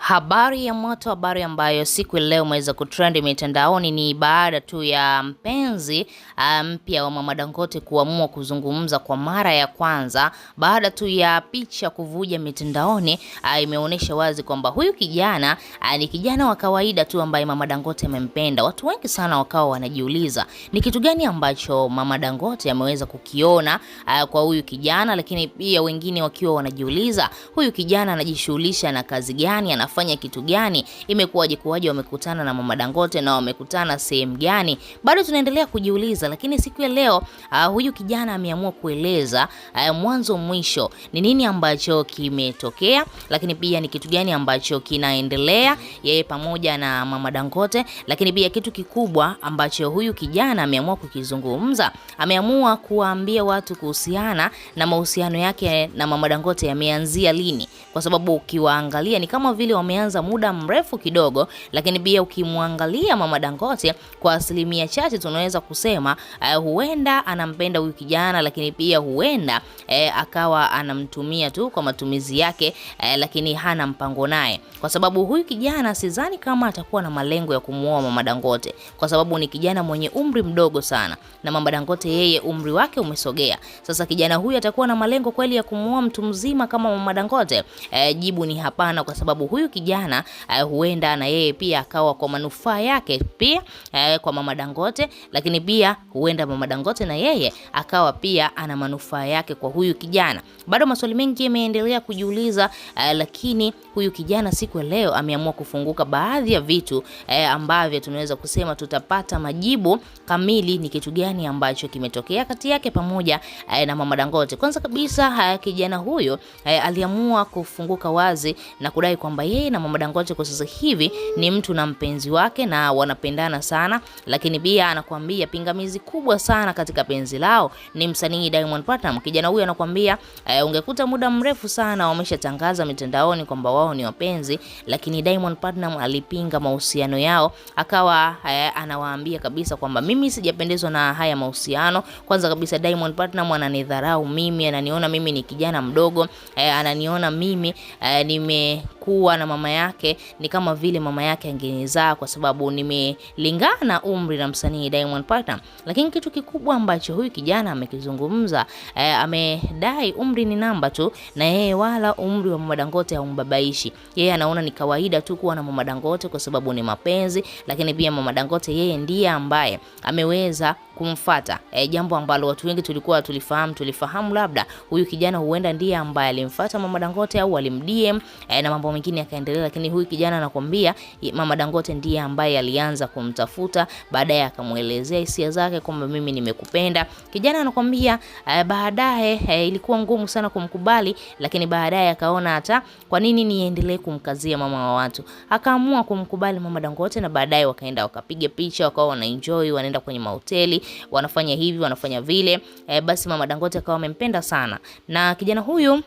Habari ya moto, habari ambayo siku leo imeweza kutrend mitandaoni ni baada tu ya mpenzi ah, mpya wa Mama Dangote kuamua kuzungumza kwa mara ya kwanza baada tu ya picha kuvuja mitandaoni. Ah, imeonyesha wazi kwamba huyu kijana ah, ni kijana wa kawaida tu ambaye Mama Dangote amempenda. Watu wengi sana wakawa wanajiuliza ni kitu gani ambacho Mama Dangote ameweza kukiona kwa huyu kijana, lakini pia wengine wakiwa wanajiuliza huyu kijana anajishughulisha na kazi gani ana anafanya kitu gani, imekuwaje kuwaje wamekutana na mama Dangote na wamekutana sehemu gani, bado tunaendelea kujiuliza. Lakini siku ya leo uh, huyu kijana ameamua kueleza uh, mwanzo mwisho ni nini ambacho kimetokea, lakini pia ni kitu gani ambacho kinaendelea yeye pamoja na mama Dangote, lakini pia kitu kikubwa ambacho huyu kijana ameamua kukizungumza, ameamua kuwaambia watu kuhusiana na mahusiano yake na mama Dangote yameanzia lini, kwa sababu ukiwaangalia ni kama vile wameanza muda mrefu kidogo, lakini pia ukimwangalia Mama Dangote kwa asilimia chache tunaweza kusema uh, huenda anampenda huyu kijana, lakini pia huenda uh, akawa anamtumia tu kwa matumizi yake uh, lakini hana mpango naye, kwa sababu huyu kijana sidhani kama atakuwa na malengo ya kumuoa Mama Dangote, kwa sababu ni kijana mwenye umri mdogo sana na Mama Dangote yeye umri wake umesogea. Sasa kijana huyu atakuwa na malengo kweli ya kumuoa mtu mzima kama Mama Dangote? Uh, jibu ni hapana, kwa sababu huyu kijana eh, huenda na yeye pia akawa kwa manufaa yake pia eh, kwa mama Dangote, lakini pia huenda mama Dangote na yeye akawa pia ana manufaa yake kwa huyu kijana. Bado maswali mengi yameendelea kujiuliza eh, lakini huyu kijana siku ya leo ameamua kufunguka baadhi ya vitu eh, ambavyo tunaweza kusema tutapata majibu kamili, ni kitu gani ambacho kimetokea kati yake pamoja eh, na mama Dangote. Kwanza kabisa eh, kijana huyo eh, aliamua kufunguka wazi na kudai kwamba yeye yeye na Mama Dangote kwa sasa hivi ni mtu na mpenzi wake na wanapendana sana, lakini pia anakuambia pingamizi kubwa sana katika penzi lao ni msanii Diamond Platnumz. Kijana huyu anakuambia e, ungekuta muda mrefu sana wameshatangaza mitandaoni kwamba wao ni wapenzi, lakini Diamond Platnumz alipinga mahusiano yao, akawa e, anawaambia kabisa kwamba mimi sijapendezwa na haya mahusiano. Kwanza kabisa Diamond Platnumz ananidharau mimi, ananiona mimi ni kijana mdogo e, ananiona mimi e, nimekuwa na mama yake ni kama vile mama yake angenizaa kwa sababu nimelingana umri na msanii Diamond Platnumz. Lakini kitu kikubwa ambacho huyu kijana amekizungumza eh, amedai umri ni namba tu, na yeye wala umri wa mama Dangote haumbabaishi yeye. Anaona ni kawaida tu kuwa na mama Dangote kwa sababu ni mapenzi, lakini pia mama Dangote yeye ndiye ambaye ameweza kumfata e, eh, jambo ambalo watu wengi tulikuwa tulifahamu tulifahamu labda huyu kijana huenda ndiye ambaye alimfata Mama Dangote au alimdm e, eh, na mambo mengine yakaendelea, lakini huyu kijana anakwambia Mama Dangote ndiye ambaye alianza kumtafuta, baadaye akamwelezea hisia zake kwamba mimi nimekupenda. Kijana anakwambia e, eh, baadaye e, ilikuwa ngumu sana kumkubali, lakini baadaye akaona hata kwa nini niendelee kumkazia mama wa watu, akaamua kumkubali Mama Dangote, na baadaye wakaenda wakapiga picha, wakawa wana enjoy, wanaenda kwenye mahoteli wanafanya hivi wanafanya vile e, basi mama Dangote akawa amempenda sana na kijana huyu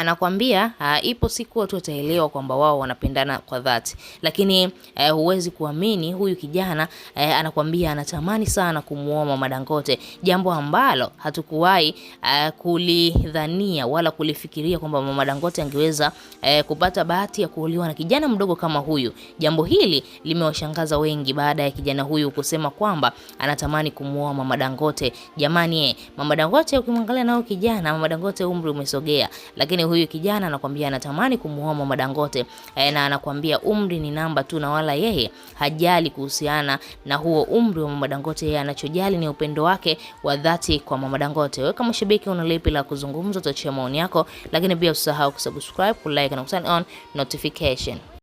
anakwambia uh, ah, ipo siku watu wataelewa kwamba wao wanapendana kwa dhati, lakini uh, huwezi kuamini huyu kijana uh, eh, anakwambia anatamani sana kumuoa Mama Dangote, jambo ambalo hatukuwahi uh, kulidhania wala kulifikiria kwamba Mama Dangote angeweza uh, kupata bahati ya kuolewa na kijana mdogo kama huyu. Jambo hili limewashangaza wengi baada ya kijana huyu kusema kwamba anatamani kumuoa Mama Dangote. Jamani, eh, Mama Dangote ukimwangalia nao kijana, Mama Dangote umri umesogea, lakini huyu kijana anakwambia anatamani kumuoa Mama Dangote e, eh, na anakwambia umri ni namba tu, na wala yeye hajali kuhusiana na huo umri wa Mama Dangote. Yeye anachojali ni upendo wake wa dhati kwa Mama Dangote. Wewe kama shabiki una lipi la kuzungumza? Tuachie maoni yako, lakini pia usisahau kusubscribe, kulike na kusign on notification.